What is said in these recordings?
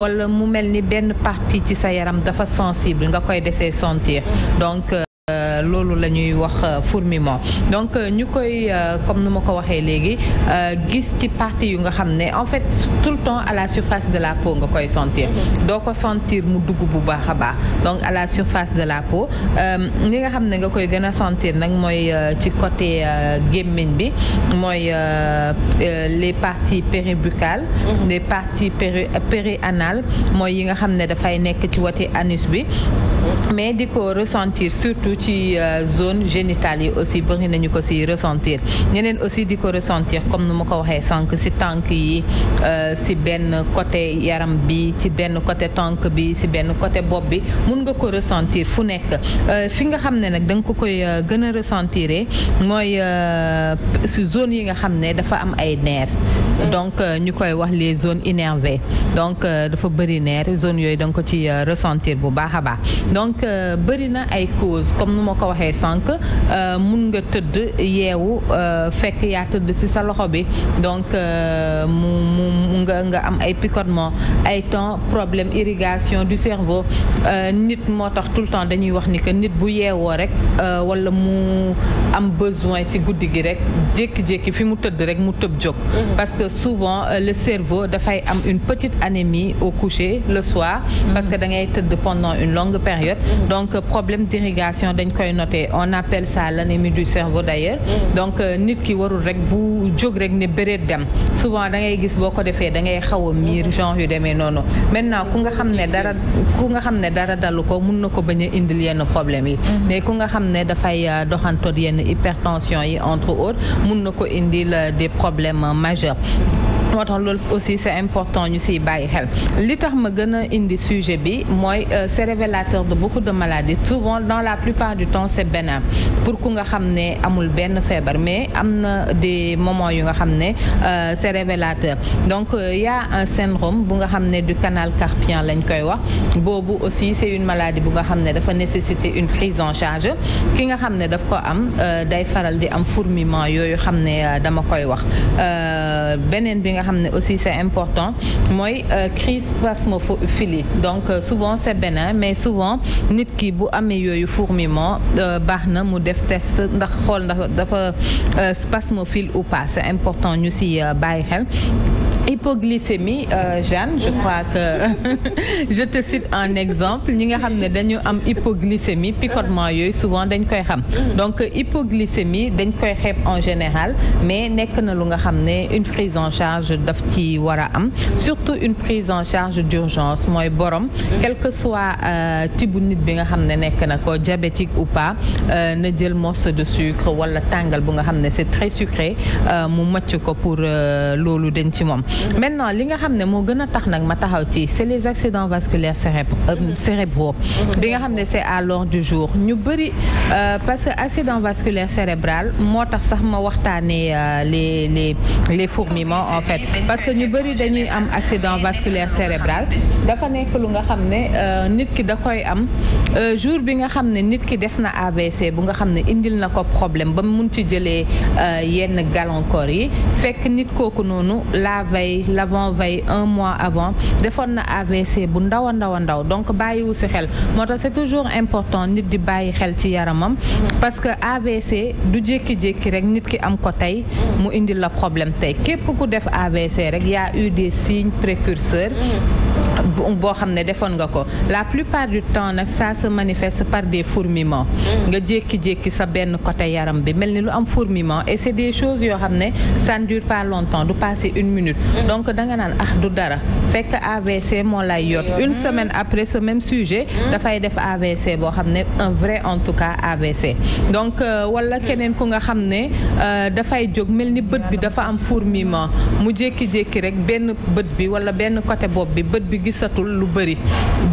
wala mu mel ni benn partie ci sa yaram dafa sensible nga koy desee sentir donc euh, loolu la ñuy wax euh, fourmillement donc euh, ñu koy euh, comme nu ma ko waxee léegi gis ci parti yu nga xam ne en fait tout le temps à la surface de la peau nga koy sentir doo ko sentir mu dugg bu baax a baax donc à la surface de la peau li nga xam ne nga koy gën a sentir nag mooy ci côté gémmiñ bi mooy les parties péribuccales mhm. les parties péri périanales mooy yi nga xam ne dafay nekk ci wati anus bi mhm. mais di ko ressentir surtout ci ci euh, zone génitale yi aussi bëri nañu ko si ressentir ñeneen aussi di ko ressentir comme nu ma ko waxee sànq si tànk yi si euh, benn côté yaram bi ci benn côté tànk bi si benn côté bopp bi mun nga ko ressentir fu nekk euh, fi nga xam ne nag da nga ko koy gën a ressentir eh, mooy si zone yi nga xam ne dafa am ay nerf donc ñu koy wax les zones innervées donc dafa bëri neer zone yooyu danga ko ci ressentir bu baax a baax donc bëri ay cause comme nu ma ko waxee sànq euh, mun nga tëdd yeewu euh, fekk yaa tëdd ci sa loxo bi donc euh, mu mu nga nga am ay picotement ay temps problème irrigation du cerveau nit moo tax tout le temps dañuy wax ni que nit bu yeewoo rek walla mu am besoin ci guddi gi rek jékki-jékki fi mu tëdd rek mu tëb jóg mm-hmm. parce que souvent le cerveau dafay am une petite anémie au coucher le soir mm-hmm. parce que da ngay tëdd pendant une longue période mm-hmm. donc problème d'irrigation dañ koy koy noté on appelle lane mi du cerveau d'ailleurs donc euh, nit ki warul rek bu jóg rek ne bëreet dem souvent da ngay gis boo ko defee dangay ngay xaw a miir genre yu demee noonu maintenant ku nga xam ne dara ku nga xam ne dara dalu ko mun na ko bañ a indil yenn problème yi mais ku nga xam ne dafay euh, doxantoot yenn hypertension yi entre autres mun na ko indil euh, des problèmes majeurs moo tax loolu aussi c'est important ñu si bàyyi xel li tax ma gën a indi sujet bi mooy euh, c'est révélateur de beaucoup de maladies souvent dans la plupart du temps c'est bénin pour ku nga xam ne amul benn feebar mais am na des moments yu nga xam ne euh, c'est révélateur donc euh, y a un syndrome bu nga xam ne du canal carpien lañ koy wax boobu aussi c'est une maladie bu nga xam ne dafa nécessiter une prise en charge ki nga xam ne daf ko am day faral di am fourmillement yooyu xam ne dama koy wax beneen nga xam ne aussi c'est important mooy euh, crise spasmophilie donc euh, souvent c'est bénin mais souvent nit ki bu amee yooyu fourmillement euh, baax na mu def test ndax xool ndax dafa spasmophile ou pas c'est important ñu ci bàyyi xel hypoglycémie euh, Jeanne je crois que je te cite un exemple ñi nga xam ne dañu am hypoglycémie picotement yooyu souvent dañ koy xam donc hypoglycémie dañ koy xeeb en général mais nekk na lu nga xam ne une prise en charge daf ci war a am surtout une prise en charge d'urgence mooy borom quel que soit euh, tibu nit bi nga xam ne nekk na ko diabétique ou pas euh, na jël morceau de sucre wala tàngal bu nga xam ne c'est très sucré euh, mu mocc ko pour loolu dañ ci moom maintenant li nga xam ne moo gën a tax nag ma taxaw ci c' est les accidents vasculaires euh, mhm. cérébraux mhm. bi nga xam ne c' est à l'ordre du jour ñu bëri euh, parce que accident vasculaire cérébral moo tax sax ma waxtaanee euh, les les les fourmillements en fait parce que ñu bëri dañuy am accident vasculaire cérébral dafa nekk lu nga xam ne nit ki da koy am jour bi nga xam ne nit ki def na AVC bu nga xam ne indil na ko problème ba mun ci jëlee yenn gàllankoor yi fekk nit kooku noonu veille l'avant veille un mois avant defoon na AVC bu ndaw a ndaw a ndaw donc bàyyiwu si xel moo tax c'est toujours important nit di bàyyi xel ci yaramam parce que AVC du jékki-jékki rek nit ki am ko tey mu indi la problème tey képp ku def AVC rek ya a eu des boo xam ne defoon nga ko la plupart du temps nag ça se manifeste par des fourmillements mm. nga jékki-jékki sa benn côté yaram bi mel ni lu am fourmillement et c'est des choses yoo xam ne ça ne dure pas longtemps du passer une minute mm. donc danga naan ax ah, du dara fekk AVC moo lay yot une mm. semaine après ce même sujet dafay def AVC boo xam ne un vrai en tout cas AVC donc euh, wala keneen ku nga xam ne euh, dafay jóg mel ni bët bi dafa am fourmillement mu jékki-jékki rek benn bët benn côté bopp gisatul lu bëri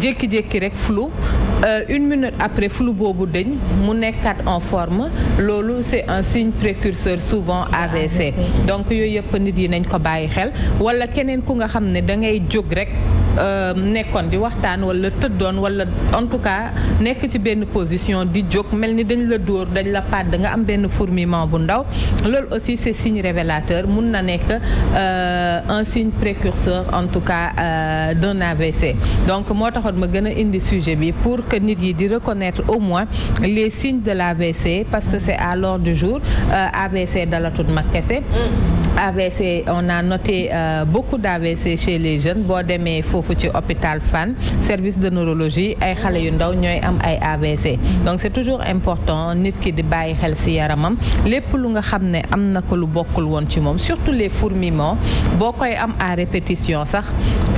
jékki-jékki rek flu euh, une minute après flu boobu dañ mu nekkat en forme loolu c'est un signe précurseur souvent AVC donc yooyu yëpp nit yi nañ ko bàyyi xel wala keneen ku nga xam ne da ngay jóg rek Euh, nekkoon di waxtaan wala tëddoon wala en tout cas nekk ci benn position di jóg mel ni dañ la dóor dañ la pàdd nga am benn fourmillement bu ndaw loolu aussi c'est signe révélateur mun na nekk euh, un signe précurseur en tout cas euh, d'un AVC donc moo taxoon ma gën a indi sujet bi pour que nit yi di reconnaître au moins les signes de l'AVC parce que c'est à l'ordre du jour AVC dalatut ma kese AVC on a noté euh, beaucoup d'AVC chez les jeunes boo demee foofu ci hôpital Fann service de neurologie ay xale yu ndaw ñooy am ay AVC donc c'est toujours important nit ki di bàyyi xel ci yaramam lépp lu nga xam ne am na ko lu bokkul woon ci moom surtout les fourmillements boo koy am à répétition sax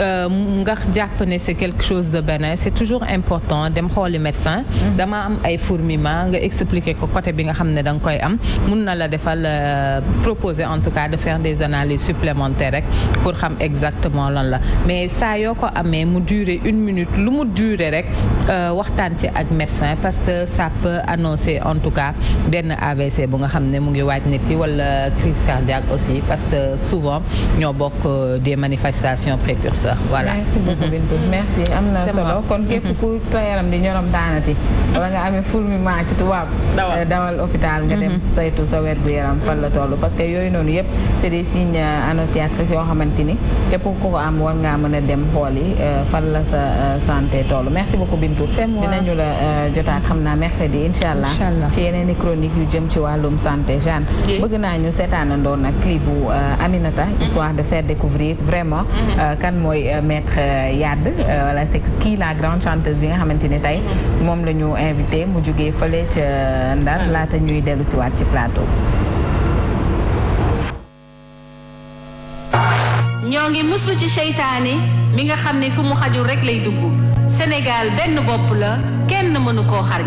euh, nga jàpp ne c'est quelque de bénin c'est toujours important dem xooli médecin mm-hmm. dama am ay fourmillements nga expliquer ko côté bi nga xam ne da nga koy am mun na la defal euh, proposer en tout faire des analyses supplémentaires rek pour xam exactement lan la mais saa yoo ko amee mu durer une minute lu mu durer rek euh, waxtaan ci ak médecin parce que sa peut annoncer en tout cas benn AVC bu nga xam ne mu ngi waaj nit ki wala crise cardiaque aussi parce que souvent ñoo bokk euh, des manifestations précurseurs voilà. merci beaucoup mhm. Bintou mhm. merci am na solo kon képp mhm. ku sa yaram di ñorom daanati wala nga amee fourmillement ci tubaab euh, dawal hôpital nga dem saytu sa wér gu yaram fan c'est des signes annonciatrices yoo xamante ni képp ko am war ngaa mën a dem xool yi euh, fan la sa euh, santé toll merci beaucoup Bintou dinañu la euh, jotaat xam naa mercredi incha allah ci yeneen i chronique yu jëm ci wàllum santé Jeanne bëgg naa ñu ndoon nag clip bu Aminata mhm. histoire de faire découvrir vraiment mhm. kan mooy maître Yade voilà c'est kii la grande chanteuse bi nga xamante ni tey mhm. moom la ñu invité mu jógee fële ca Ndar laata ñuy dellu siwaat ci plateau ñoo ngi musu ci seytaane mi nga xam ne fu mu xajul rek lay dugg Sénégal benn bopp la kenn mënu koo xar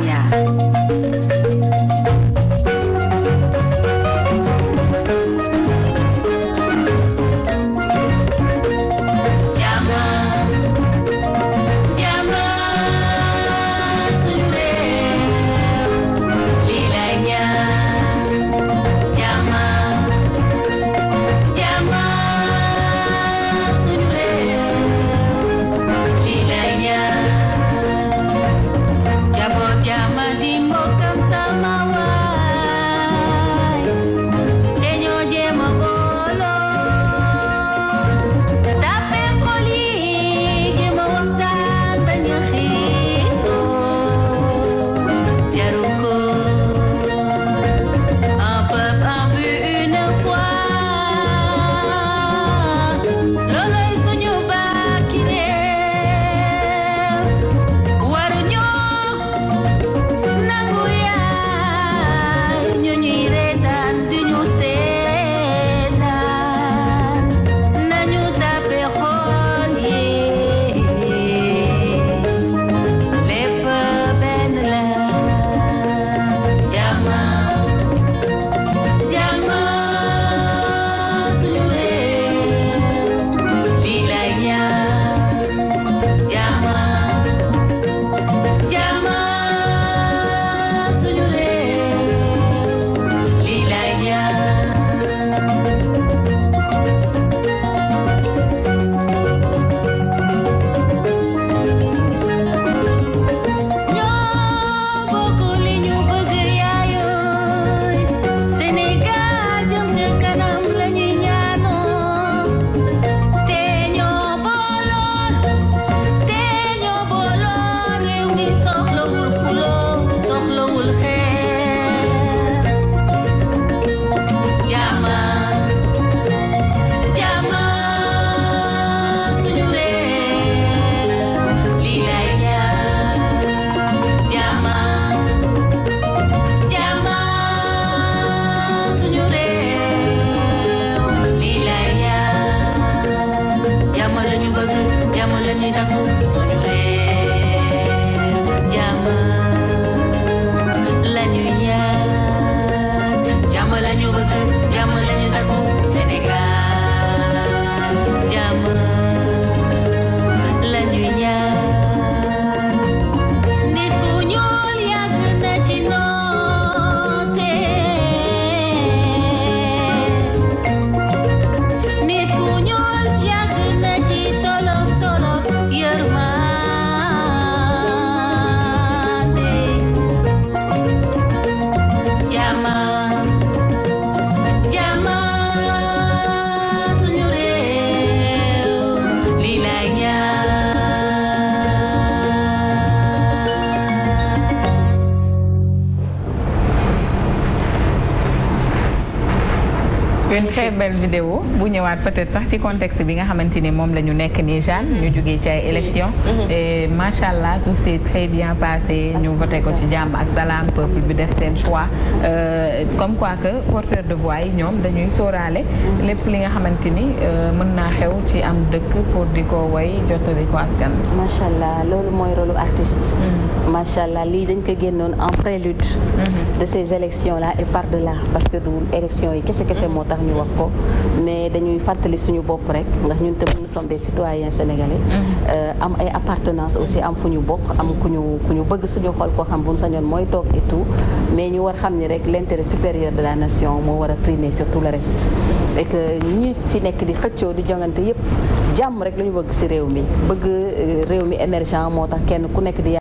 une très belle vidéo bu ñëwaat peut-être sax ci contexte bi nga xamante ni moom la ñu nekk nii Jeanne ñu jugee ci ay élections mm-hmm. et macha allah tout s'est très bien passé ñu voté ko ci jàmm ak salaam peuple bi def seen choix euh, comme quoi que porteur de voix yi ñoom dañuy sóoraale lépp li nga xamante ni euh, mën naa xew ci am dëkk pour di ko way jottali ko askan macha allah loolu mooy rôle artiste mm-hmm. macha allah lii dañ ko génnoon en prélude mm-hmm. de ces élections là et par delà parce que du élections yi kese kese moo tax ñu wax ko mais dañuy fàttali suñu bopp rek ndax ñun tam nous sommes des citoyens sénégalais euh, am ay appartenance aussi am fu ñu bokk am ku ñu ku ñu bëgg suñu xol koo xam bu ñu sañoon mooy toog et tout mais ñu war xam ni rek l'intérêt supérieur de la nation moo war a primer sur tout le reste et que ñi fi nekk di xëccoo di jongante yépp jàmm rek la bëgg ci réew mi bëgg euh, réew mi émergent moo tax kenn ku nekk di